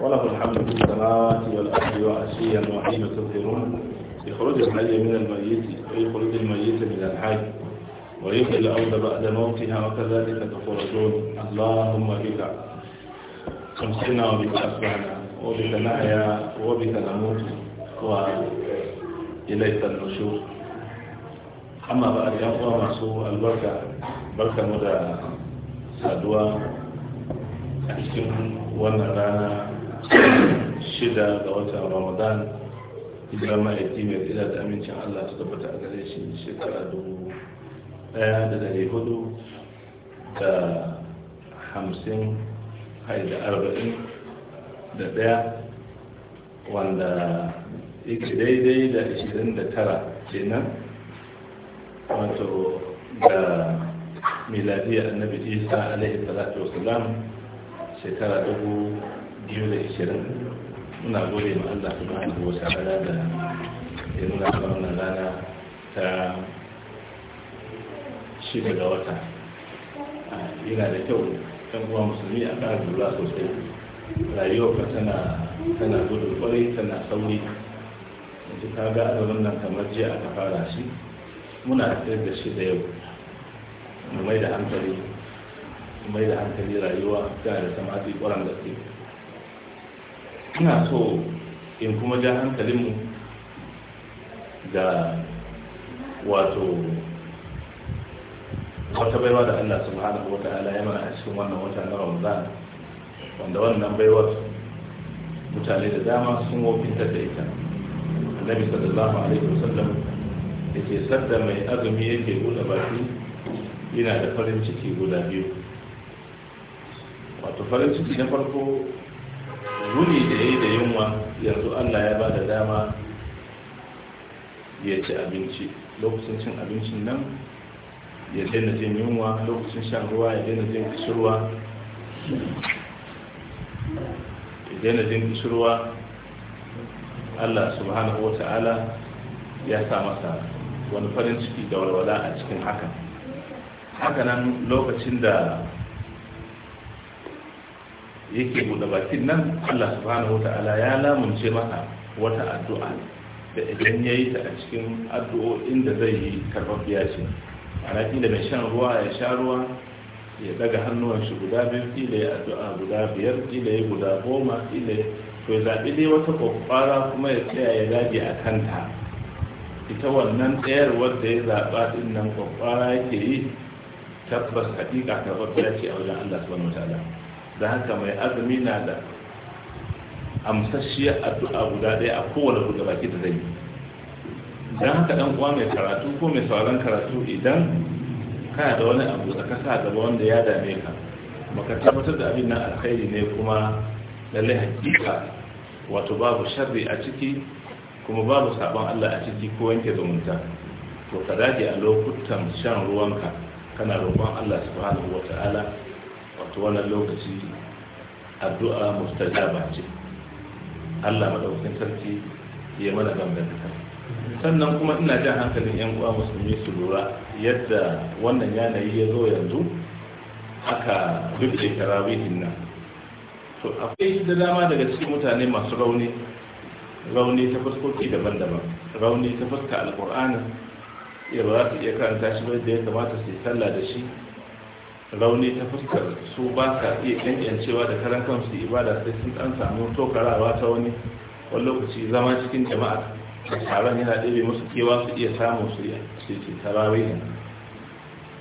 وله الحمد في الصلاة والأهل وأسيا وحين تظهرون يخرج الحي من الميت ويخرج الميت من الحي ويحيي الأرض بعد موتها وكذلك تخرجون اللهم بك أمسنا وبك أصبحنا وبك نحيا وبك نموت وإليك النشور أما بعد يا أخوة مسوء البركة بركة مدى saduwa a cikin wannan rana shida ga watan ramadan hijira ma'aiki mai tsira da amincin allah su tabbata a gare shi shekara dubu daya da dari hudu da hamsin hai da arba'in da daya wanda yake daidai da ashirin da tara kenan wato da miladiyar annabi isa alaihi salatu wasalam shekara dubu biyu da ishirin muna gode ma Allah su ba da wata rana da ya nuna ta wannan rana ta shida ga wata yana da kyau ɗan uwa musulmi a ƙara lura sosai rayuwa ka tana tana gudun kwarai tana sauri yanzu ka ga azumin nan kamar jiya aka fara shi muna da shi da yau mu mai da hankali mai da hankali rayuwa tana da samati ƙwarar gaske ina so in kuma ja hankalinmu da wato wata baiwa da Allah subhanahu wa wata ya mana a cikin wannan wata na Ramadan wanda wannan baiwar mutane da dama sun wofintar da ita Annabi sallallahu alaihi wasallam ke sadda mai azumi yake buɗe baki yana da farin ciki guda biyu wato farin ciki na farko runi da yi da yunwa yanzu allah ya ba da dama ya ci abinci lokacin cin abincin nan ya daina jin yunwa lokacin shan ruwa ya daina jin kishirwa ya daina jin kishirwa allah subhanahu wa ta'ala ya sa masa wani farin ciki da walwala a cikin hakan hakanan lokacin da yake buɗe bakin nan Allah subhanahu wata'ala ya lamunce maka wata addu'a da idan ya yi ta a cikin addu'o'in da zai yi karɓaɓɓiya ce ana da mai shan ruwa ya sha ruwa ya daga hannuwan shi guda biyu ila ya addu'a guda biyar ila ya guda goma kila to ya zaɓi dai wata kwakwara kuma ya tsaya ya dage a kanta ita wannan tsayar wadda ya zaɓa ɗin nan kwakwara yake yi tabbas hakika karɓaɓɓiya ce a wajen Allah subhanahu wata'ala da haka mai azumi na da amsasshiyar addu'a guda ɗaya a kowane guda baki da zai don haka ɗan uwa mai karatu ko mai sauran karatu idan kana da wani abu da kasa gaba wanda ya dame ka maka tabbatar da abin nan alkhairi ne kuma lalle hakika wato babu sharri a ciki kuma babu sabon Allah a ciki ko yanke zumunta to ka dage a lokutan shan ruwanka kana roƙon Allah subhanahu wa ta'ala. wato wannan lokaci addu'a mustajaba ce Allah madaukakin sarki ya mana gambata sannan kuma ina jan hankalin yan uwa musulmi su lura yadda wannan yanayi ya zo yanzu aka rufe tarawihin nan to akwai da dama daga cikin mutane masu rauni rauni ta fuskoki daban-daban rauni ta fuska alkur'ani ya ba za su iya karanta shi ba da ya kamata su yi sallah da shi rauni ta fuskar su ba ka iya cancancewa da karan kansu ibada sai sun an samu tokarawa ta wani wani lokaci zama cikin jama'a taron yana ɗebe musu kewa su iya samu su ce tarawai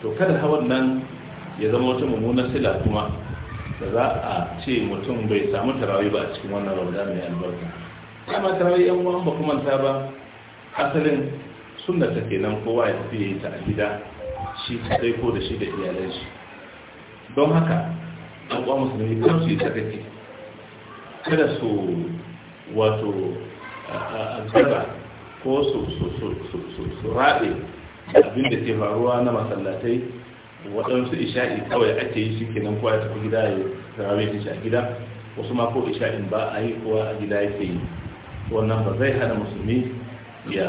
to kada hawan nan ya zama wata mummuna sila kuma da za a ce mutum bai samu tarawai ba a cikin wannan rauda mai albarka kama tarawai yan uwan ba kuma ta ba asalin sunna ta kenan kowa ya tafi ya ta a gida shi kadai ko da shi da iyalai shi don haka an kuwa musulmi kan su yi sakaci kada su wato azaba ko su raɗe abin da ke faruwa na masallatai waɗansu isha'i kawai ake yi shi kenan kowa ya tafi gida ya rarrabe shi a gida wasu ma ko isha'in ba a yi kowa a gida yake yi wannan ba zai hana musulmi ya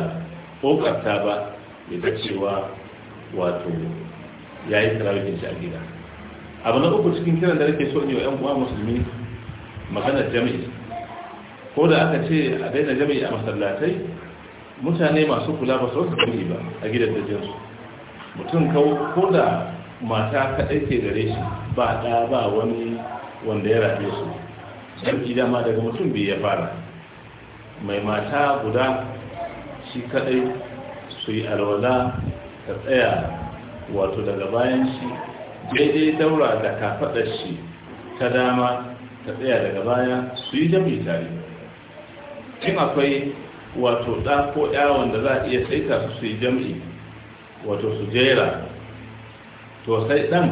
kokarta ba ya ga cewa wato ya yi tarawih shi a gida abu na uku cikin kiran da nake so in yi wa 'yan uwa musulmi maganar jami'i ko da aka ce a daina jami'i a masallatai mutane masu kula ba su wasu jami'i ba a gidan dajinsu mutum ko da mata kaɗai ke gare shi ba ɗa ba wani wanda ya rafe su sarki dama daga mutum biyu ya fara mai mata guda shi kaɗai su yi alwala ta tsaya wato daga bayan shi daidai daura da kafaɗar shi ta dama ta tsaya daga baya su yi jami tare Kin akwai wato ɗa ko yawon da za a iya saita su su yi jami wato su jera to sai ɗan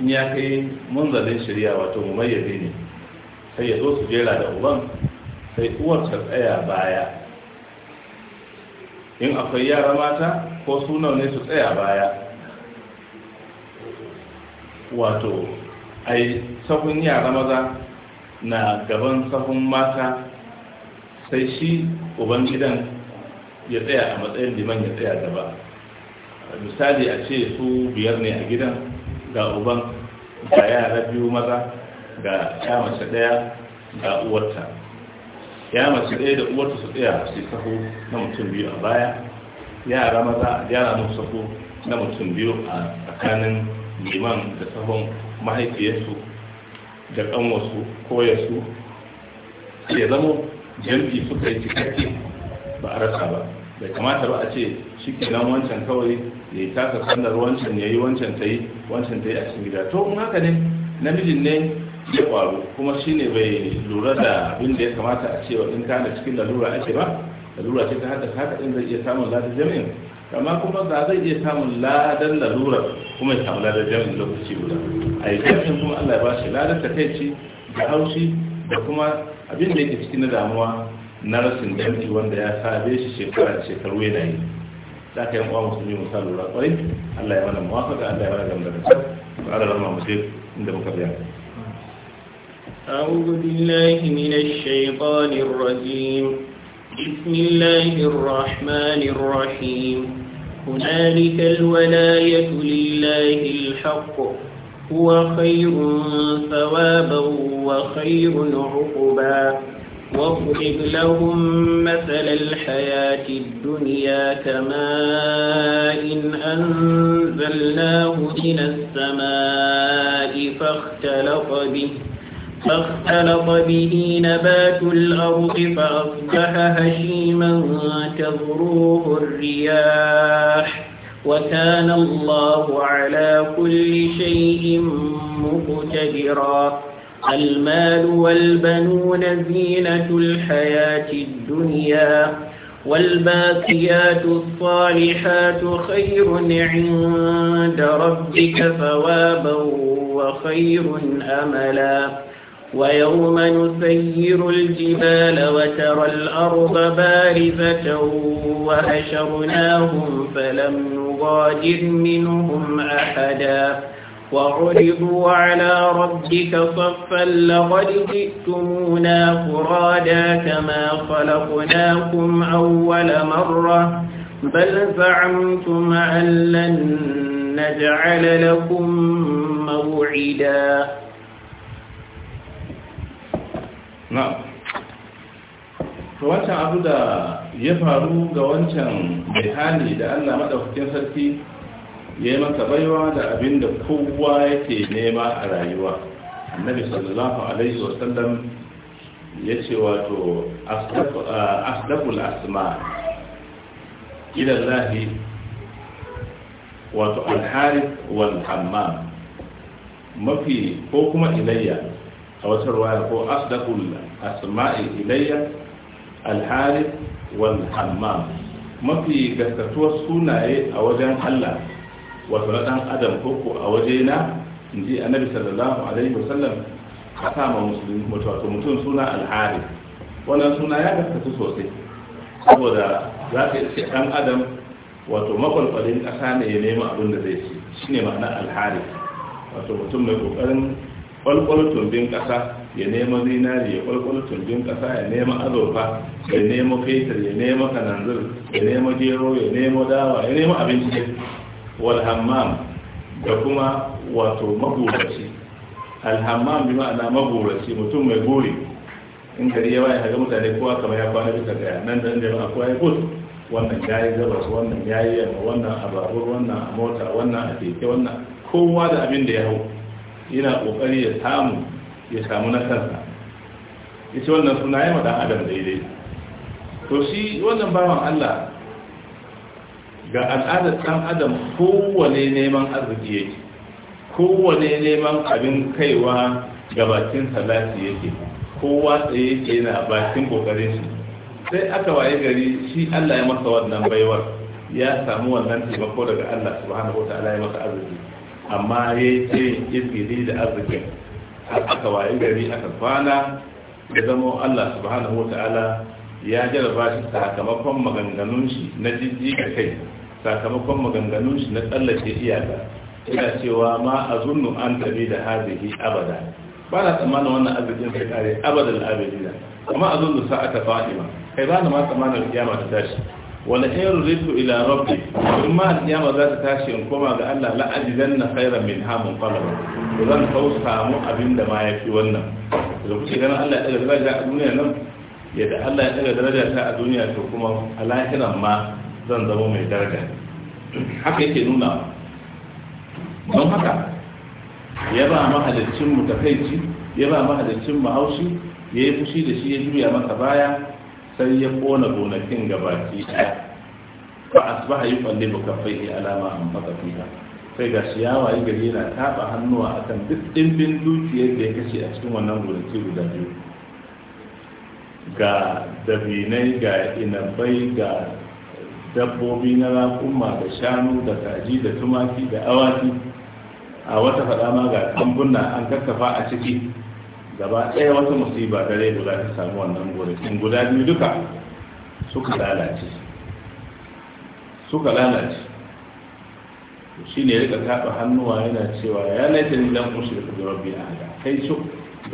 in ya kai munzalin shirya wato mumayyabi ne sai ya zo su jera da uban sai uwar ta tsaya baya in akwai yara mata ko suna ne su tsaya baya wato ai sahun yara maza na gaban sahun mata sai shi uban gidan ya tsaya a matsayin liman ya tsaya gaba misali a ce su biyar ne a gidan ga uban ga yara biyu maza ga ya mace daya ga uwarta ya mace daya da uwarta su tsaya su sahu na mutum biyu a baya yara maza a gyara musu na mutum biyu a tsakanin liman da sabon mahaifiyarsu da kanwarsu koyarsu ya zama jam'i suka yi cikakke ba a rasa ba bai kamata ba a ce shi ke nan wancan kawai ya yi taka sandar wancan ya yi wancan ta yi wancan ta yi a cikin gida to in haka ne namijin ne ya kwaro kuma shi ne bai lura da abin da ya kamata a cewa in kana cikin lalura ake ba lalura ce ta haka haka din zai iya samun lati jami'in kama kuma za zai iya samun ladan larura kuma ya samu ladan jami'in lokaci guda a yi jami'in kuma allah ba shi ladan takaici da haushi da kuma abin da yake cikin damuwa na rasin jami'i wanda ya sabe shi shekara da shekaru yana yi za ka yi uwa musulmi musa lura kwarai allah ya mana mawafaka allah ya mana gamdakatar ba da rama mutum inda muka biya أعوذ بالله من الشيطان الرجيم بسم الله الرحمن الرحيم هنالك الولاية لله الحق هو خير ثوابا وخير عقبا واضرب لهم مثل الحياة الدنيا كماء أنزلناه من السماء فاختلط به فاختلط به نبات الأرض فأصبح هشيما تذروه الرياح وكان الله على كل شيء مقتدرا المال والبنون زينة الحياة الدنيا والباقيات الصالحات خير عند ربك ثوابا وخير أملا ويوم نسير الجبال وترى الأرض بارزة وحشرناهم فلم نغادر منهم أحدا وعرضوا على ربك صفا لقد جئتمونا فرادا كما خلقناكم أول مرة بل زعمتم أن لن نجعل لكم موعداً na wancan abu da ya faru ga wancan hali da allah maɗaukakin sarki ya yi masa baiwa da abin da kowa yake nema a rayuwa annabi sallallahu alaihi wasallam ya ce wato asdaqul asma Idan lahi wato alharif wal hammam mafi ko kuma ilayya a wata ruwaya ko asdaqul asma'i ilayya al-harith wal hammam mafi gaskatuwar sunaye a wajen Allah wato na dan adam ko ko a waje na inji annabi sallallahu alaihi wasallam ka sama musulmi wato mutum suna al-harith wannan suna ya gaskatu sosai saboda za ka ce dan adam wato makwalkwalin ƙasa ne ya nema abin da zai ci shi ne ma'ana alhari wato mutum mai ƙoƙarin kwalkwalo tumbin kasa ya nema zinari ya kwalkwalo tumbin kasa ya nema azurfa ya nema fetur ya nema kananzir ya nema gero ya nema dawa ya nema abinci walhammam da kuma wato maburaci alhammam bi ma'ana maburaci mutum mai guri in gari ya waye haga mutane kowa kamar ya kwana bisa gaya. nan da inda a kowa ya gudu wannan yi gabas wannan yi yamma wannan a babur wannan a mota wannan a keke wannan kowa da abin da ya hau yana kokari ya samu ya samu na kansa yace wannan suna yi dan adam daidai to shi wannan bawan Allah ga al'adar ɗan adam kowane neman arziki yake kowane neman abin kaiwa ga bakin salati yake kowa tsaye yake na bakin kokarin shi sai aka waye gari shi Allah ya masa wannan baiwar ya samu wannan taimako daga Allah subhanahu wataala ya masa arziki amma ya ce tsirin da arzikin har aka waye gari aka kwana da zama Allah subhanahu wa ta'ala ya jaraba shi sakamakon maganganun shi na jijji da kai sakamakon maganganun shi na tsallake iyaka ina cewa ma a zunnu an tabi da hazihi abada ba na tsammanin wannan arzikin sai kare abadan abadina amma a zunnu sa'ata fa'ima kai ba na ma tsammanin kiyama ta tashi wala in ritu ila rabbi in ma alƙiyama za ta tashi in koma ga Allah la ajidanna khairan min hamun qalb to zan kau samu abinda ma yafi wannan da kuke ganin Allah ya daga daraja a duniya nan yadda Allah ya daga daraja ta a duniya to kuma a lahiran ma zan zama mai daraja haka yake nuna don haka ya ba mahalicin mu takaici ya ba mahalicin mu haushi ya yi fushi da shi ya juya masa baya sai ya kona gonakin gabaki fa asbaha yuqallibu kaffaihi ala ma anfaqa fiha sai ga shi yawa yi gari yana taba hannuwa akan duk dimbin dukiyar da ya kashe a cikin wannan gonaki guda biyu ga dabinai ga inabai ga dabbobi na raƙuma da shanu da kaji da tumaki da awaki a wata faɗa ma ga tambuna an kakkafa a ciki gaba ɗaya wata musiba da rai guda ta samu wannan gonakin guda biyu duka suka lalace suka lalace shi ne rika taɓa hannuwa yana cewa ya laifin idan dan da da rabbi a haɗa? kai su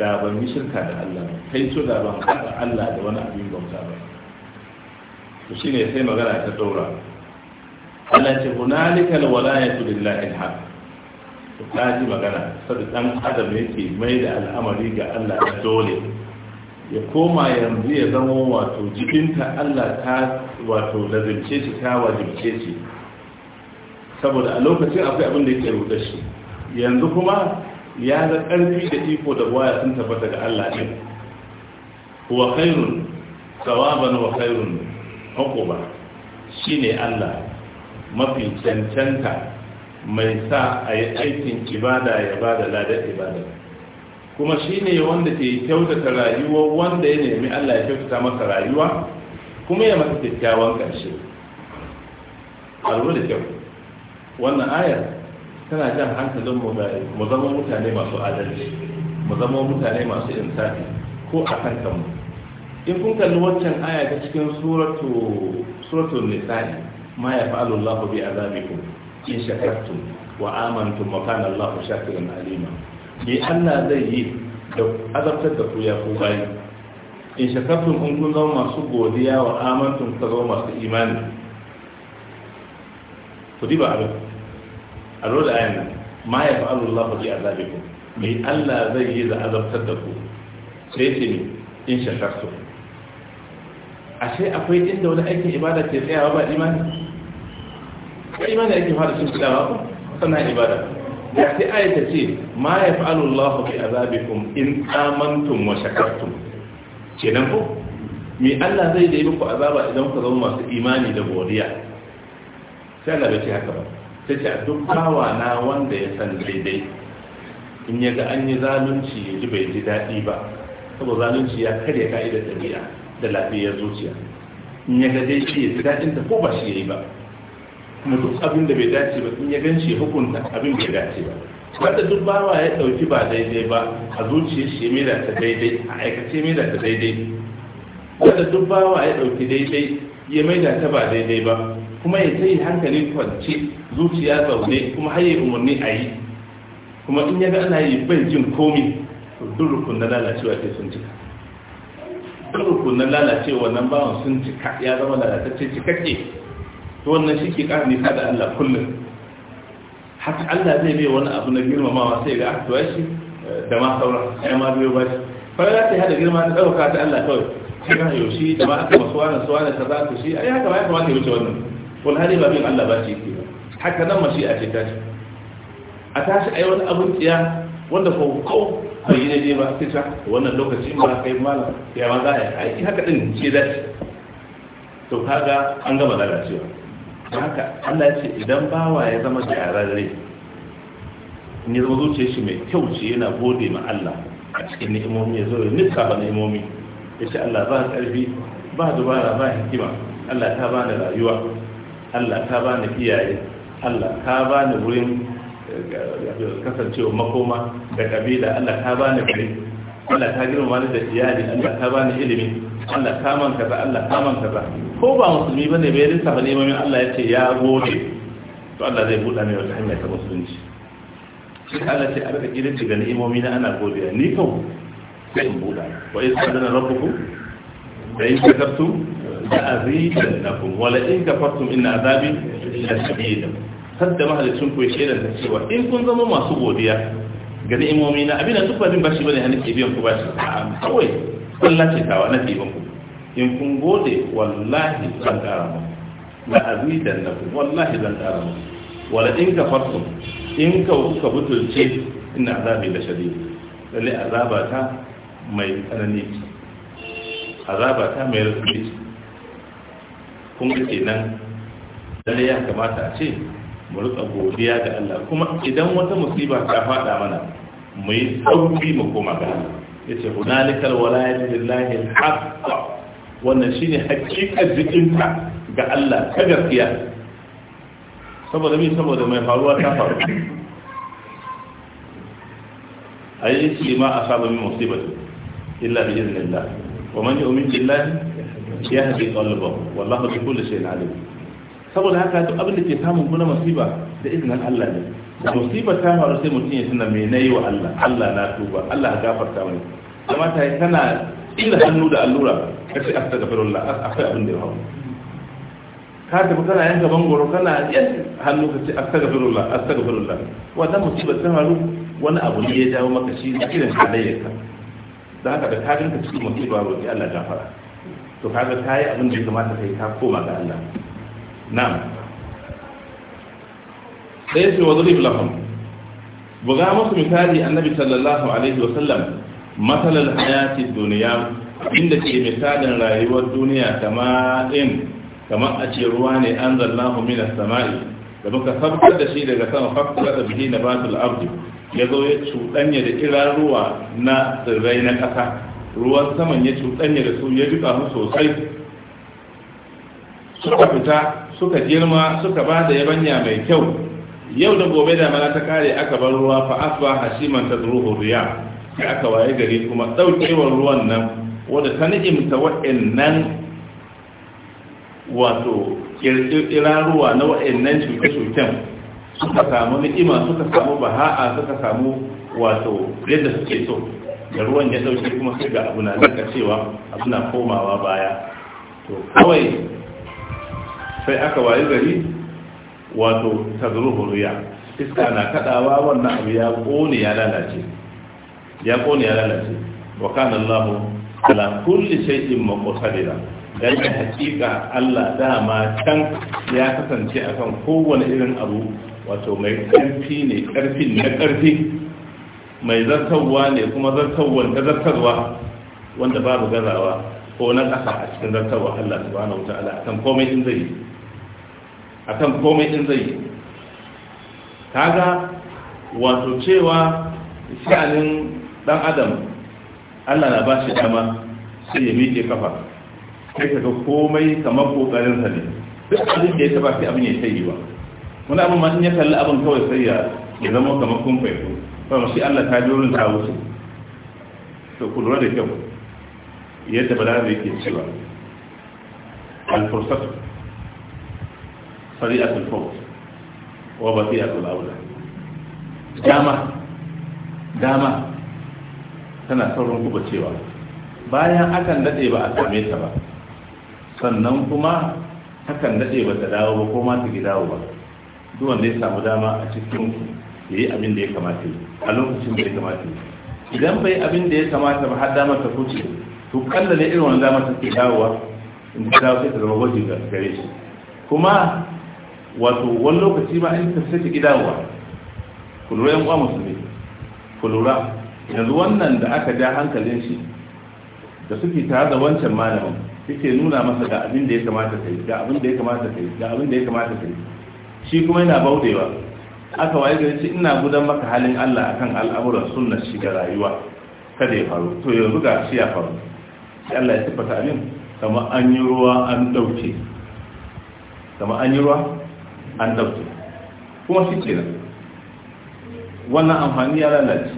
da ban yi shirka da Allah ba kai su da ban haɗa Allah da wani abin bauta ba to shi ne sai magana ta ɗora Allah ce hunalika alwalayatu lillahi alhaq ta ji magana saboda ɗan adam yake mai da al'amari ga Allah dole ya koma yanzu ya zama wato jikinta Allah ta wato lazimce shi ta wajibce shi saboda a lokacin akwai abin da yake rute shi yanzu kuma ya ga ƙarfi da iko da waya sun tabbata ga Allah ɗin wa khairun sawaban wa khairun shine Allah mafi cancanta mai sa a yi aikin ibada ya ba da ladar ibada kuma shi ne wanda ke kyautata rayuwa wanda ya nemi allah ya kyautata masa rayuwa kuma ya masa kyakkyawan ƙarshe a da kyau wannan ayar tana jan hankalin mu zama mutane masu adalci mu zama mutane masu insafi ko a kan kanmu in kun kalli waccan aya ta cikin suratu suratul nisa'i ma ya fa'alullahu bi azabikum in shakartum wa amantum wa kana Allahu shakiran alima bi Allah zai yi da azabtar da ku ya ku bayi in shakartum in kun zama masu godiya wa amantum ka zama masu imani ku diba abin a rola ayan nan ma ya fi fa'alu Allahu bi azabikum Me Allah zai yi da azabtar da ku sai ce in shakartum ashe akwai inda wani aikin ibada ke tsayawa ba imani ga imani yake fara sun kudawa sannan ibada Ya sai ayata ce ma ya fa'alu Allah bi azabikum in amantum wa shakartum kenan ko me Allah zai da yi muku azaba idan ku zama masu imani da godiya sai Allah bai ce haka ba sai ce a duk bawa na wanda ya san daidai in ya ga an yi zalunci ya ji bai ji daɗi ba saboda zalunci ya karya ka'idar ɗabi'a da lafiyar zuciya in ya ga dai shi ya ji daɗin ta ko ba shi ya yi ba kuma duk abin da bai dace ba in ya ganci hukunta abin da ya dace ba wanda duk bawa ya dauki ba daidai ba a zuciyar shi mai da ta daidai a aikace mai da ta daidai wanda duk bawa ya dauki daidai ya mai da ta ba daidai ba kuma ya tayi hankali kwance zuciya zaune kuma har ya umarni a yi kuma in ya ga ana yi bai jin komi to duk rukunan lalacewa sai sun cika duk rukunan lalacewa nan bawan sun cika ya zama lalatacce cikakke to wannan shi ke ƙara nisa da Allah kullum haka Allah zai bai wani abu na girmamawa sai ga aka shi eh, da ma sauran ya ma biyo ba shi fara ta hada girma ta ɗauka ta Allah kawai sai ga yaushe da ma aka masu wani su wani kaza ku shi ai haka ba ya kamata ya wuce wannan wal hali ba bin Allah ba shi ke haka nan ma shi a ce ta ce a tashi ai wani abun tsiya wanda ko kau bai yi daidai ba sai ta wannan lokaci ba kai malam ya ma za a yi haka din ce shi to kaga an gama lalacewa haka Allah ya ce idan bawa ya zama gyararre in ya zama zuciya shi mai kyau ce yana gode ma Allah a cikin ni'imomi ya zo ya nika ba ni'imomi ya ce Allah ba ƙarfi ba dubara ba hikima Allah ta ba ni rayuwa Allah ta ba ni iyaye Allah ta ba ni wurin eh, kasancewa makoma da ƙabila Allah ta ba ni gari Allah ta girma ni da iyali Allah ta ba ni ilimi Allah kaman kaza Allah kaman kaza ko ba musulmi bane bai rinsa ba neman Allah ya ce ya gode to Allah zai buɗa mai wata hanya ta musulunci shi Allah ce a gidan daga ni'imomi na ana godiya ni kan sai in buɗa wa in sadana rabbuku da in kafartu da azidannakum wala in kafartum inna azabi lashadid sadda mahalicin ku yake da cewa in kun zama masu godiya ga ni'imomi na abin da duk ba din bashi bane hanin biyan ku bashi kawai balla ce tawa na ɗiban ku in kun gode wallahi zan ƙara mu la azidan na ku wallahi zan ƙara mu wala in ka farko in ka kuka butulce ina azabi da shari lalle azaba ta mai tsanani azaba ta mai rufi kun ga nan, lalle ya kamata a ce mu rika godiya ga Allah kuma idan wata musiba ta faɗa mana mu yi sauki mu koma ga Allah yace hunalikal walayatu lillahi alhaq wannan shine hakikar jikinta ga Allah ta gaskiya saboda mi saboda mai faruwa ta faru ayi shi ma asaba min musibati illa bi idnillah wa man yu'min billahi yahdi qalbahu wallahu bi kulli shay'in alim saboda haka duk abin da ke samun kuna musiba da iznin Allah ne da musibar ta faru sai mutum ya tuna mai nayi wa Allah Allah na tuba Allah gafarta mai amma ta yi tana ila hannu da allura ka ce a akwai abin da ya hau, ka tafi kana yanka bangoro kana yan hannu ka ce astaghfirullah astaghfirullah wannan musibar ta faru wani abu ne ya jawo maka shi irin halayyarka da haka da ka ganka cikin ba roƙi Allah gafara to kaga yi abin da ya kamata yi ta koma ga Allah na'am sai ya buga musu misali annabi sallallahu alaihi matsalar hayati duniya inda ke misalin rayuwar duniya kama in kama a ce ruwa ne an zallahu minas sama'i da muka sabbar da shi daga sama fakkula da bihi na batul abdi ya zo ya cuɗanya da iran ruwa na tsirrai na ƙasa ruwan saman ya cuɗanya da su ya duka mu sosai suka fita suka girma suka ba da yabanya mai kyau yau da gobe da mana ta kare aka bar ruwa fa asbaha shiman tadruhu riya sai aka waye gari kuma daukewar ruwan nan wanda ta ni'imta wa'annan wato ruwa na wa'annan shuke-shuken suka samu ni'ima suka samu baha'a suka samu wato yadda suke so da ruwan ya dauke kuma sai ga abu na cewa abu na komawa baya to kawai sai aka waye gari wato tazruhu riya iska na kadawa wannan abu ya kone ya lalace ya kone ya lalace wa kana Allah ala kulli shay'in muqtadira dan hakika Allah dama can ya kasance akan kowane irin abu wato mai karfi ne karfin na karfi mai zartarwa ne kuma zartawa ta zartarwa wanda babu gazawa ko na kasa a cikin zartawa Allah subhanahu wa ta'ala kan komai in zai yi a kan komai din zai kaga wato cewa sha'anin dan adam Allah na ba shi dama sai ya miƙe kafa sai ka ga komai kamar kokarin sa ne duk abin da ya taba sai abin ya sai ba wani abin ma in ya kalli abin kawai sai ya zama kamar kun faiko kuma shi Allah ta jorin ta wuce to ku lura da kyau yadda bala da yake cewa al-fursatu fari'atul fawz wa bati'atul aula dama dama tana saurin guba cewa bayan akan dade ba a same ta ba sannan kuma akan dade ba ta dawo ba ko ma ta gidawo ba duk wanda ya samu dama a cikin ya yi abin da ya kamata yi a lokacin da ya kamata yi idan bai abin da ya kamata ba har damar ta kuce to kalla ne irin wani damar ta ke dawowa in ta dawo sai ta zama gwaji ga gare shi kuma wato wani lokaci ma an tafi take gida wa lura yan uwa musulmi ku yanzu wannan da aka ja hankalin shi da suke tare da wancan malamin suke nuna masa ga abin da ya kamata kai ga abin da ya kamata kai ga abin da ya kamata kai shi kuma yana baudewa aka waye gari ce ina gudan maka halin Allah akan al'amuran sunna shi ga rayuwa kada ya faru to yanzu ga shi ya faru sai Allah ya tabbata abin? kamar an yi ruwa an dauke kamar an yi ruwa an ɗauke kuma shi ce wannan amfani ya lalace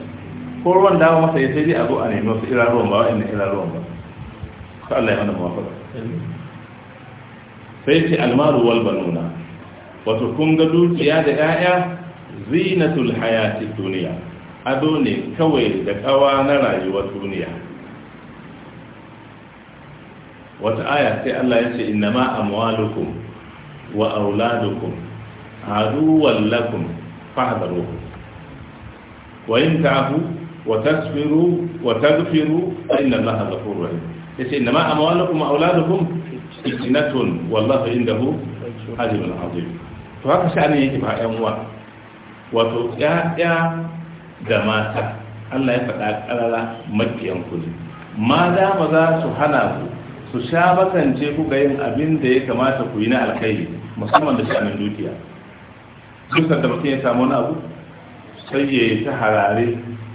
ko ruwan dawo masa ya sai zai a zo a nemi wasu iraruwan ba wa'in iraruwan ba ka Allah ya hana mafaka sai ce almaru wal banuna wato kun ga dukiya da 'ya'ya zinatul hayati duniya ado ne kawai da kawa na rayuwar duniya wata aya sai Allah ya ce innama amwalukum wa auladukum aduwan lakum fahadaru wa in ta'fu wa tasfiru wa tagfiru fa inna allaha ghafurur rahim yace inma amwalukum wa auladukum fitnatun wallahu indahu ajrun azim to haka sha'ani yake ba ƴan uwa wato ƴaƴa da mata Allah ya faɗa ƙarara mafiyan ku ne ma da ma za su hana ku su sha bakance ku ga yin abin da ya kamata ku yi na alkhairi musamman da sha'anin dukiya dukkan da mutum ya samu wani abu sai ya yi ta harare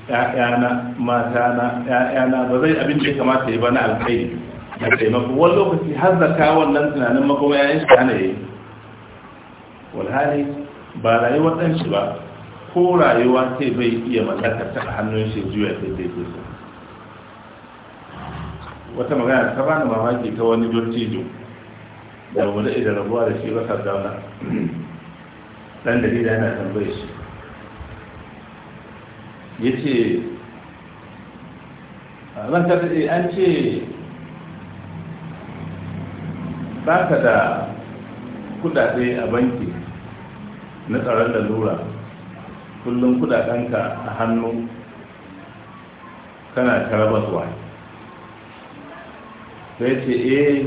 ‘ya'yana matana ‘ya'yana ba zai abin da ya kamata ya ba na alkhairi da taimako wani lokaci har zaka wannan tunanin makoma yi shi hana yi walhali ba rayuwar ɗan shi ba ko rayuwa sai bai iya mallakar ta hannun shi juya sai zai ke so wata magana ta bani mamaki ta wani dottijo da wani idan rabuwa da shi wata zauna dan dalila yana tambaye shi ya ce ta daɗe an ce ba ka da kudade a banki na tsaron da lura kullum kudadenka a hannu kana karabarwa sai ce eh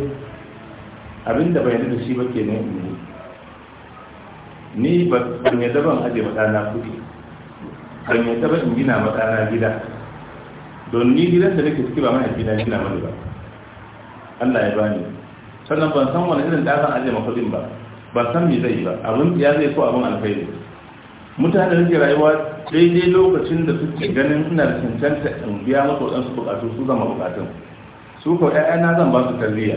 abinda bai da shi ba ke nan ni ba kan yadda ban ajiye matsana kuɗi kan yadda ban in gina matsana gida don ni gidan da nake ciki ba mana gida gina mani ba Allah ya bani sannan ban san wani irin da ajiye makwadin ba ban san me zai ba abin ya zai ko abin alkhairi mutane da ke rayuwa daidai lokacin da suke ganin ina da cancanta in biya masu waɗansu buƙatu su zama buƙatun su ko na zan ba su tarbiyya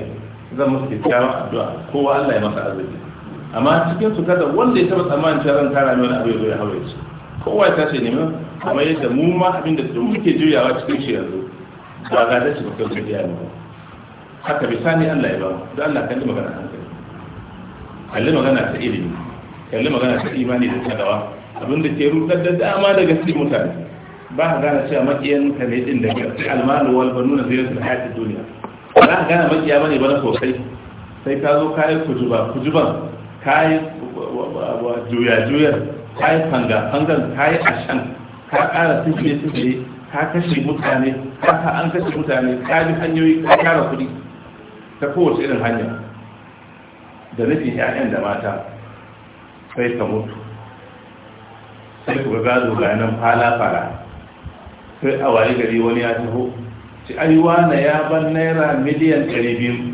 zan musu kyakkyawan addu'a kowa Allah ya masa arziki amma cikin su kada wanda ya taba tsammanin cewa zan tara wani abu ya zo ya haure su kowa ta ce neman amma yadda mu ma abin da muke juyawa cikin shi yanzu ba ga dace ba kai kuma ya mu haka bisani Allah ya ba mu don Allah kalli magana hankali kalli magana ta ilimi kalli magana ta imani da tsadawa abin da ke rudar da dama daga cikin mutane ba a gane cewa makiyan ka din da ke almanu wal banuna zai da hayati duniya ba a gane makiya bane ba na sosai sai ka zo kayan kujuba kujuban kayi juya-juyar kayi fanga-fangan kayi shan, ka ƙara tafiye-tafiye ka kashe mutane ka ka an kashe mutane ka bi hanyoyi ka ƙara kuɗi ta kowace irin hanya da nufin 'ya'yan da mata sai ka mutu sai ku gado ga nan fala-fala sai a wari gari wani ya taho ci aiwa na ya ban naira miliyan 200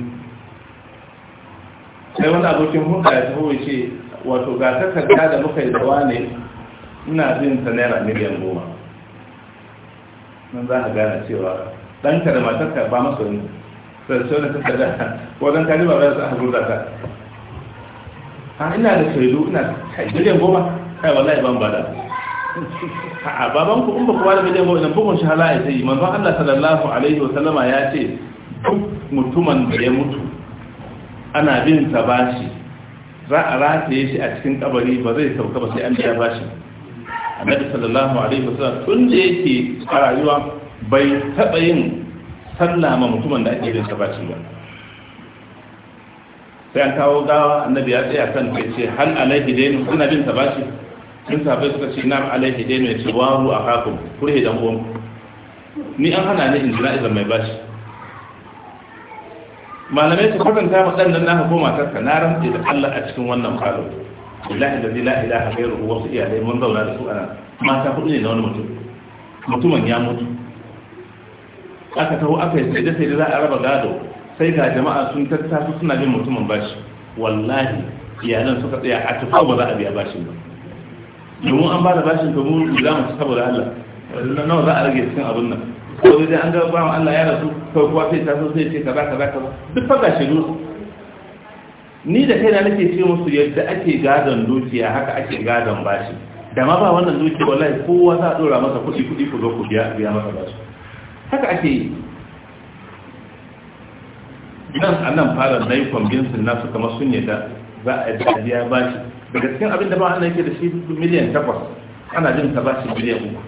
sai wani abokin hulɗa ya taho wuce, ce wato ga takarda da muka yi zawa ne ina jin ta naira miliyan goma nan za a gane cewa ɗanka da matarka ba masu yin sarsau da takarda wajen kaji ba bayan sa a hulɗa ta a ina da shaidu ina miliyan goma kai wallahi ban bada a baban ku in ba kuma da miliyan goma idan bugun shahala ya sai manzon Allah sallallahu alaihi wa sallama ya ce duk mutumin da ya mutu ana bin ta bashi za a rataye shi a cikin kabari ba zai sauka ba sai an biya bashi annabi sallallahu alaihi wasallam tun da yake a rayuwa bai taɓa yin sallah ma mutumin da ake bin sa bashi ba sai an kawo gawa annabi ya tsaya kan sai ce hal alaihi dainu Ina bin sa bashi sun sabai suka ce na alaihi dainu ya ce waru akakum kurhe dan uwan ni an hana ni in jira izan mai bashi malamai su kwatanta ma ɗan nan naka ko matarka na rantse da Allah a cikin wannan falo billahi da la ilaha ghairuhu wasu iyalai mun zauna da su ana mata hudu ne na wani mutum mutumin ya mutu aka taho aka yi sai da sai za a raba gado sai ga jama'a sun tattasu suna bin mutumin bashi wallahi iyalan suka tsaya a tafi ba za a biya bashin ba domin an ba da bashin ka, mu za mu ci saboda Allah nawa za a rage cikin abin nan ko zai an ga bawan Allah ya rasu ko kuwa sai ta so sai ce kaza kaza kaza duk fa shi duk ni da kaina nake ce musu yadda ake gadon dukiya haka ake gadon bashi da ma ba wannan dukiya wallahi kowa za a dora masa kuɗi kuɗi ku zo ku biya biya masa bashi haka ake yi nan a nan fara na yi kwambinsin nasu kamar sun yadda za a yadda biya bashi daga cikin abin da ba ana yake da shi miliyan takwas ana jin ta bashi miliyan uku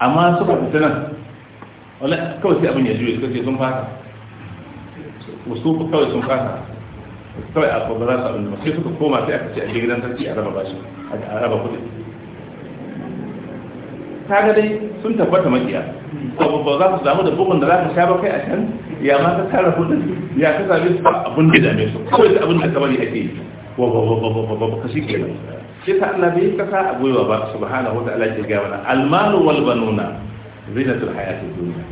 amma suka fita nan wala kawai sai abin ya juye suka sun fata wasu kawai sun fata kawai a kwabara su abin da sai suka koma sai aka ce a je gidan sarki a raba bashi a raba kudi dai sun tabbata makiya saboda ba za su samu da bugun da za ka sha ba kai a can ya ma ta tara kudi ya ka same su abin da dame su kawai abin da ka bari ake yi wa ba ba ba ba ba ba ka shi kenan shi ta Allah kasa a gwiwa ba subhanahu ta'ala ke ga wannan almalu wal banuna zinatul hayatid dunya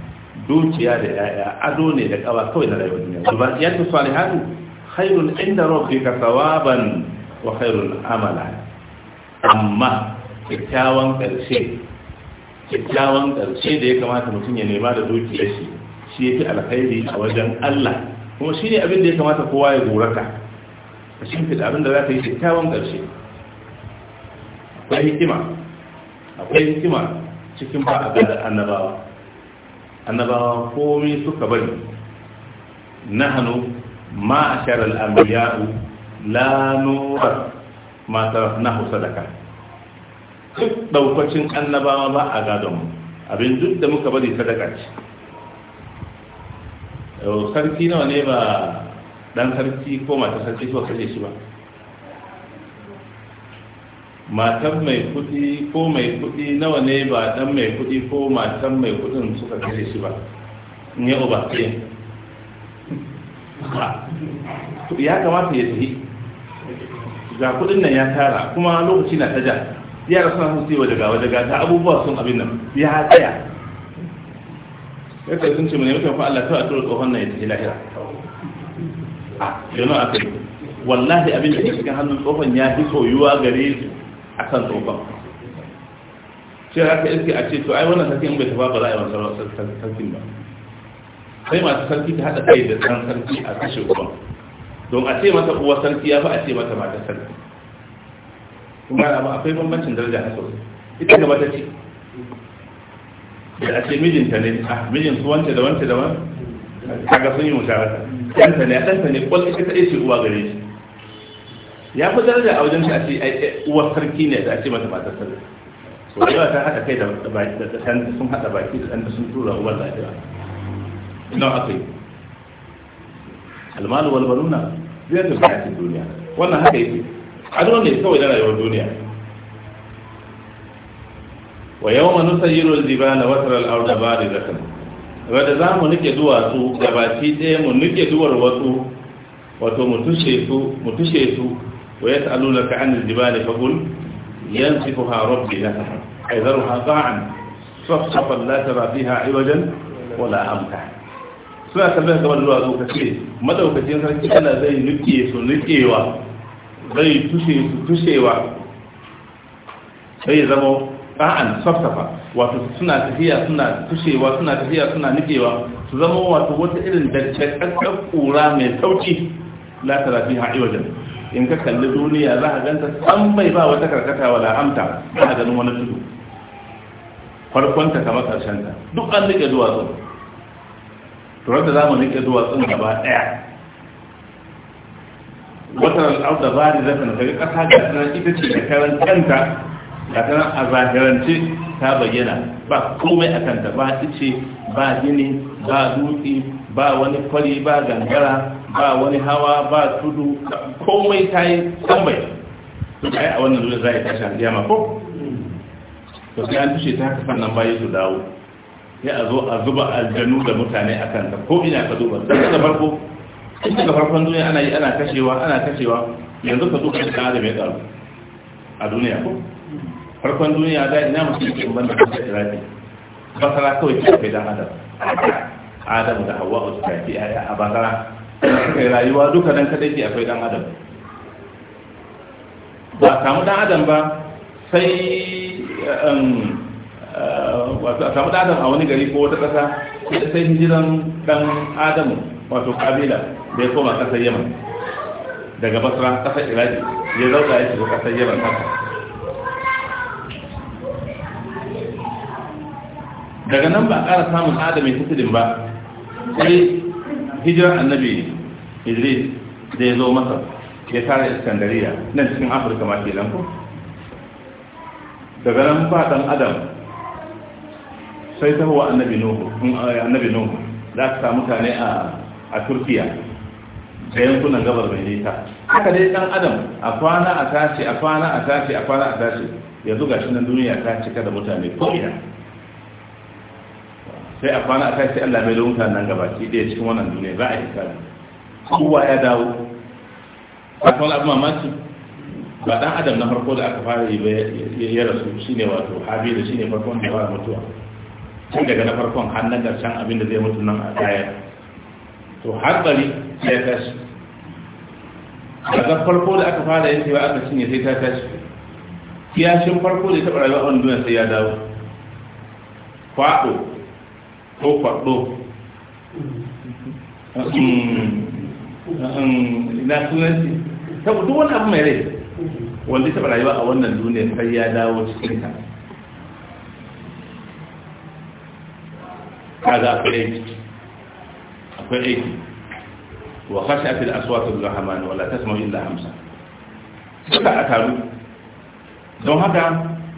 dukiya da yaya ado ne da kawa kawai na rayuwar duniya ba ya ta hannu. khairun inda rabbika thawaban wa khairun amala amma kyakkyawan karshe kyakkyawan karshe da ya kamata mutum ya nema da dukiyar shi shi fi alkhairi a wajen Allah kuma shi ne abin da ya kamata kowa ya Ka a shimfida abin da za ta yi kyakkyawan karshe akwai hikima akwai hikima cikin ba a gada annabawa annabawa komai suka bari na hannu ma a sharar amiyaru lanuwar matar nahu sadaka duk daukacin annabawa ba a gadonmu abin duk da muka bari sadaka ce sarki nawa ne ba dan sarki ko mata sarki ko sarki shi ba matan mai kuɗi ko mai kuɗi nawa ne ba dan mai kuɗi ko matan mai kuɗin suka kare shi ba in ya uba ya kamata ya tafi ga kuɗin nan ya tara kuma lokaci na taja, ya yara suna hutu cewa daga wa ta abubuwa sun abin nan ya tsaya ya kai sun ce mai mutum fa Allah ta tura tsohon nan ya tafi lahira a yana a kai wallahi abin da ke cikin hannun tsohon ya fi soyuwa gare su a kan tsofan sai haka iske a ce to ai wannan sarkin bai tafa ba za a yi wasu sarkin ba sai masu sarki ta haɗa kai da ɗan sarki a kashe uban don a ce mata uwa sarki ya fi a ce mata mata sarki kuma ba akwai bambancin daraja haka ita gaba ta ce da a ce mijinta ne a ah, mijin su wance da wance da wani kaga sun yi musharaka ɗanta ne a ɗanta ne kwallo ita ta ce uwa gare shi ya fi daraja a wajen shi a ce uwar sarki ne da a ce mata matar sarki so da yawa ta haɗa kai da ɗan sun haɗa baki da ɗan sun tura uwar lafiya ina haka yi almalu wal banuna zai ta bayatin duniya wannan haka a ado ne kawai na rayuwar duniya wa yawma nusayyiru al-jibala wa tara al-ardha barizatan wa da mu nike duwatsu da baki ɗaya mu nike duwar wasu wato mu tushe su mu tushe su ويسألونك عن الجبال فقل ينصفها ربي لها أي ذرها قاعا صفصفا لا ترى فيها عوجا ولا أمتع سواء كبيرك والله أبو كثير ماذا أبو كثير أنك أنا ذي نكيس نكيوا ذي تشيس تشيوا ذي ذمو قاعا صفصفا وتسنى تهيا سنى تشيوا سنى تهيا سنى نكيوا ذمو وتوت إلن دلشك أكبر أورامي توتي لا تبع فيها عوجا in ka kalli duniya za a ganta san bai ba wata karkata wala amta za a ganin wani tudu Farkon kama kamar ta. duk an rike duwatsu turar da za mu rike duwatsun gaba ɗaya wata al'adu da bani za ta ƙasa ga tana ita ce da karan kanta ga tana a zahirance ta bayyana ba komai a kanta ba ce, ba gini ba dutse ba wani kwari ba gangara ba wani hawa ba tudu komai ta yi tambayi to kai a wannan dole za a tashi ma ko to sai an tushe ta haka nan bayi su dawo sai a zo a zuba aljanu da mutane a kan ta ko ina ka duba sai daga farko tun daga farkon duniya ana yi ana kashewa ana kashewa yanzu ka duka da mai tsaro a duniya ko farkon duniya da ina mutum ke banda kusa iraki basara kawai ke kai dan adam adam da hawa su kafi a basara kai eh, rayuwa duka nan kadai ke akwai dan adam ba samu dan adam ba sai um, uh, a samu dan adam a wani gari ko wata ƙasa sai hijiran dan adamu wato kabila da ya koma ƙasar yaman daga basra ƙasar iraki ya zauka ya shiga ƙasar yaman haka daga nan ba ƙara samun adam ya ba sai hijirar annabi idris da ya zo masa ya tara iskandariya nan cikin afirka ma ke lanko daga nan fatan adam sai ta huwa annabi nuhu eh, za ka sa mutane a turkiya da yankunan gabar mai nita haka dai dan adam a kwana a tashi a kwana a tashi a kwana a tashi yanzu ga shi nan duniya ta cika da mutane ko sai a kwana a kai sai Allah mai da mutanen gabaki ɗaya cikin wannan duniya za a yi kare kowa ya dawo a kan abu mamaki ba dan adam na farko da aka fara yi ba ya rasu shine wato shi shine farkon da fara mutuwa Can daga na farkon har na ƙarshen abin da zai mutu nan a kaya to har bari ya tashi daga farko da aka fara yi ba aka cinye sai ta tashi kiyashin farko da ya taɓa rayuwa a wani duniya sai ya dawo kwaɗo ko kwaɗo mm. mm. na sunanci saboda wani abu mai rai wanda taɓa rayuwa a wannan duniya sai ya dawo cikin ka kaga akwai aiki akwai aiki wa kashi afil aswatu rahman wala tasma'u illa hamsa suka a taru don haka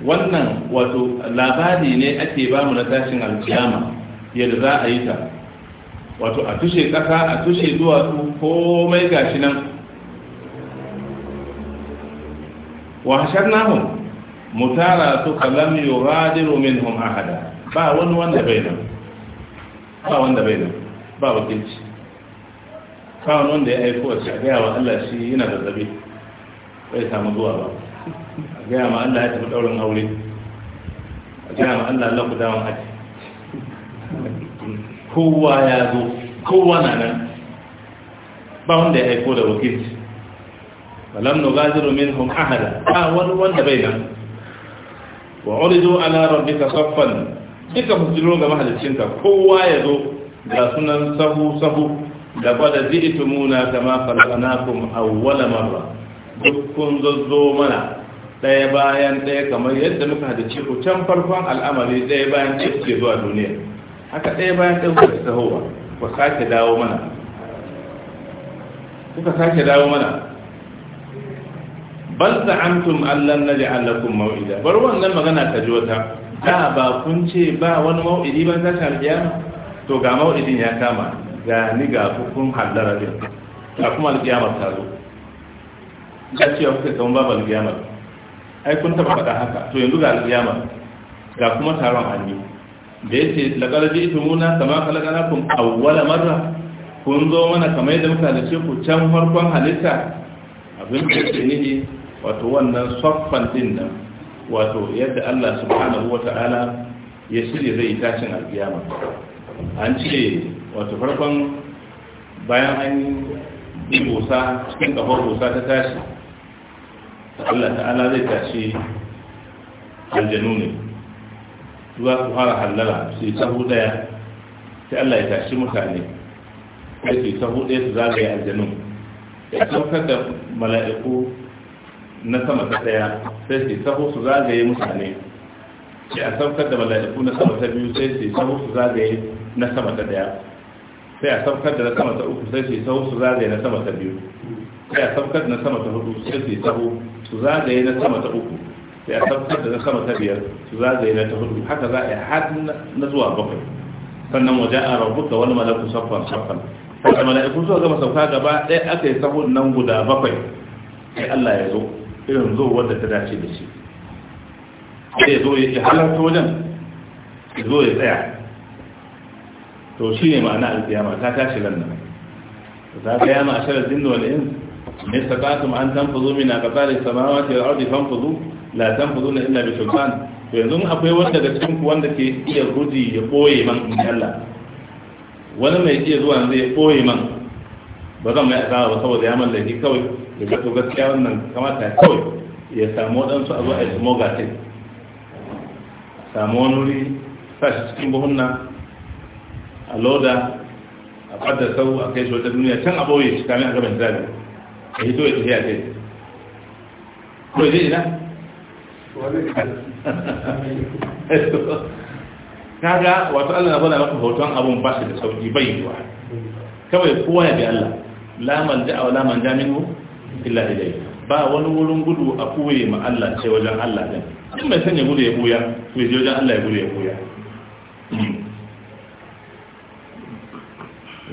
wannan wato labari ne ake bamu na tashin alkiyama yadda za a yi ta wato a tushe ƙasa a tushe duwatsu komai gashi nan wa hashar namun su tara su kalam min hun ahada ba wani wanda bai nan ba wanda bai nan ba wakilci ba wani wanda ya aiko a gaya wa Allah shi yana da zabe bai samu zuwa ba a gaya ma Allah ya tafi daurin aure a gaya ma Allah Allah ku dawon haji kowa ya zo kowa na nan ba wanda ya haiko da wakilci falam nugaziru minhum ahada ba wani wanda bai nan wa uridu ala rabbika saffan duka fusilo ga mahalicinka kowa ya zo ga sunan sahu sahu da kwada muna kama khalqnakum awwala marra dukkan zazzo mana ɗaya bayan ɗaya kamar yadda muka hadace ku can farkon al'amari ɗaya bayan ce ke zuwa duniya haka ɗaya bayan ɗan kuka tahowa ku sake dawo mana kuka sake dawo mana bal za'amtum allan naj'al lakum ma'u'ida bar wannan magana ta ji wata da ba kun ce ba wani ma'u'idi ba za ta alƙiyama to ga mau'idin ya kama ga ni ga kun hallara din ga kuma alƙiyamar ta zo ga cewa kuka kama babu alƙiyamar ai kun taɓa faɗa haka to yanzu ga alƙiyamar ga kuma taron hannu da yake laqad muna kama kun awwala marra kun zo mana kamar yadda muka da ku can farkon halitta abin da yake nihi wato wannan saffan din nan wato yadda Allah subhanahu wata'ala ya shirya zai tashin alkiyama an ce wato farkon bayan an yi busa cikin kafar busa ta tashi Allah ta'ala zai tashi aljanu ne za su fara hallara su yi sahu daya sai Allah ya tashi mutane sai su yi sahu daya su zagaye aljanun ya saukar da mala'iku na sama ta daya sai su yi sahu su zagaye mutane sai a saukar da mala'iku na sama ta biyu sai su yi sahu su zagaye na sama ta daya sai a saukar da na sama ta uku sai su yi sahu su zagaye na sama ta biyu sai a saukar da na sama ta hudu sai su yi sahu su zagaye na sama ta uku sai a tabbatar da na sama ta biyar su zagaye na ta hudu haka za a yi har na zuwa bakwai sannan waje a rabuka wani malaku saffan saffan wanda mala'iku suka gama sauka gaba ɗaya aka yi sahun nan guda bakwai sai Allah ya zo irin zo wanda ta dace da shi sai ya zo ya halarta wajen ya zo ya tsaya to shi ne ma'ana alkiyama ta tashi nan nan ta ga yana a sharar dinna wal in ne sakatu ma an tanfuzu min aqtari samawati wal ardi fanfuzu la na illa bi sultan to yanzu akwai wanda daga cikin ku wanda ke iya ruji ya boye man in Allah wani mai iya zuwa yanzu ya boye man ba zan mai asara ba saboda ya mallaki kawai ya ga to gaskiya wannan kamata kawai ya samu wadansu a zo a yi smoga sai samu wani wuri sa shi cikin buhunna a loda a fadar sau a kai shi wata duniya can a boye shi kamin a gaban zabi a hito ya tafiya kai ko zai ina kaga wato Allah na bada maka hoton abun ba shi da sauki bai yiwa kawai kowa ya bi Allah la man ja'a wa la man ja minhu illa ilayhi ba wani wurin gudu a koye ma Allah ce wajen Allah din in bai sanya gudu ya buya to je wajen Allah ya gudu ya buya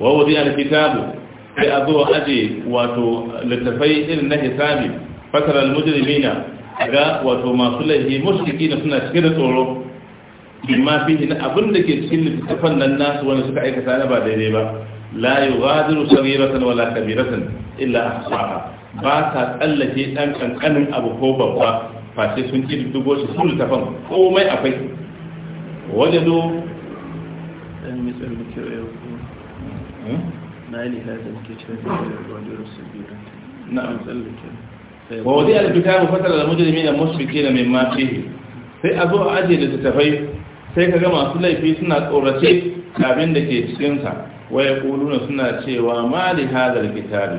wa wudi al-kitabu sai a zo aje wato littafai irin na hisabi fatara al-mujrimina ga wato masu laifi mushriki na suna cike da tsoro bima fi na abin da ke cikin littattafan nan nasu wanda suka aikata na ba daidai ba la yughadiru saghiratan wala kabiratan illa ahsaha ba ta tsallake dan kankanin abu ko babba sai sun ci dubo shi sun littattafan komai akwai wajadu dan misal muke yau hmm? na ilaha da muke cewa da wani rusul na an tsallake wa wadi al-kitabu da al-mujrimina mimma fihi sai a zo a aje da tafai sai kaga masu laifi suna tsorace abin da ke cikin sa waya kuluna suna cewa ma li kitabi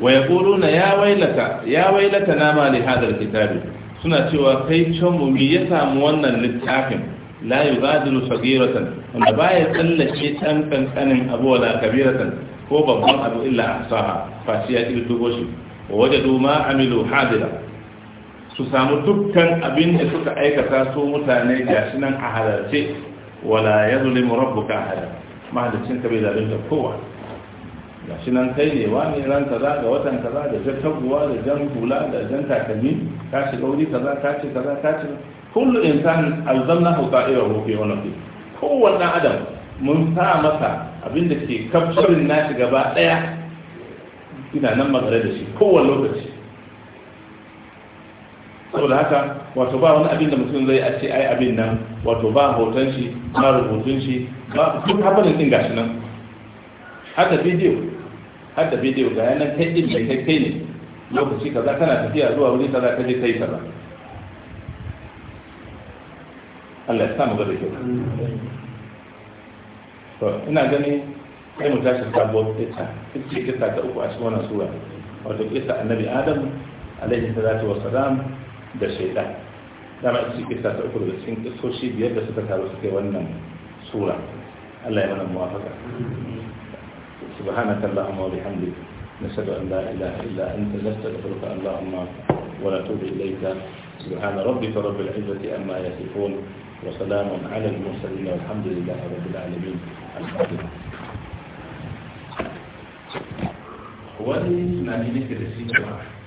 waya ya wailata ya na ma li kitabi suna cewa kai can mu ya samu wannan littafin la yugadilu sagiratan wanda baya tsallake ɗan kankanin abu wala kabiratan ko babban abu illa a fa sai ya shi wajadu ma amilu hadira su samu dukkan abin da suka aikata su mutane gashi nan a halarce wala ya zulimu rabbuka ahada mahalicin ka bai zalunta kowa gashi nan kai ne wa ne ran kaza ga watan kaza da jan taguwa da jan hula da jan takalmi ka shiga wuri kaza ka ce kaza ka ce kullu insan alzanna hu wani fi walafi kowanne adam mun sa masa abin da ke kafsarin nashi gaba ɗaya. ina nan matsare da shi kowane lokaci saboda haka wato ba wani abin da mutum zai a ce ai abin nan wato ba hoton shi ba rubutun shi ba duk habarin din gashi nan hada bidiyo hada bidiyo ga yanar kai din mai kai kai ne lokaci kaza kana tafiya zuwa wuri kaza kaje kai ba Allah ya samu gaba kyau ina gani kai mu tashi ta bo ita ce kita ta uku a cikin wannan sura wato kisa annabi adam alaihi salatu wassalam da shaitan dama ita ce kisa ta uku da cikin kisoshi biyar da suka taru suke wannan sura Allah ya mana muwafaka سبحانك اللهم وبحمدك نشهد أن لا إله إلا أنت نستغفرك اللهم ونتوب إليك سبحان ربك رب العزة أما يصفون وسلام على المرسلين والحمد لله رب العالمين الفاتحة wani tunani nake da shi ba